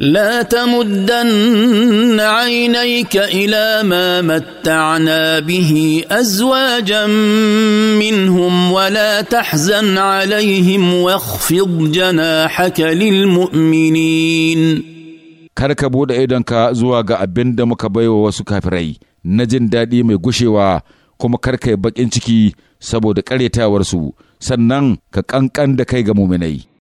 لا تمدن عينيك الى ما متعنا به ازواجا منهم ولا تحزن عليهم واخفض جناحك للمؤمنين kar ka buɗe idonka zuwa ga abin da muka baiwa wasu kafirai na jin daɗi mai gushewa kuma kar ka yi baƙin ciki saboda ƙaryatawarsu sannan ka ƙanƙan da kai ga muminai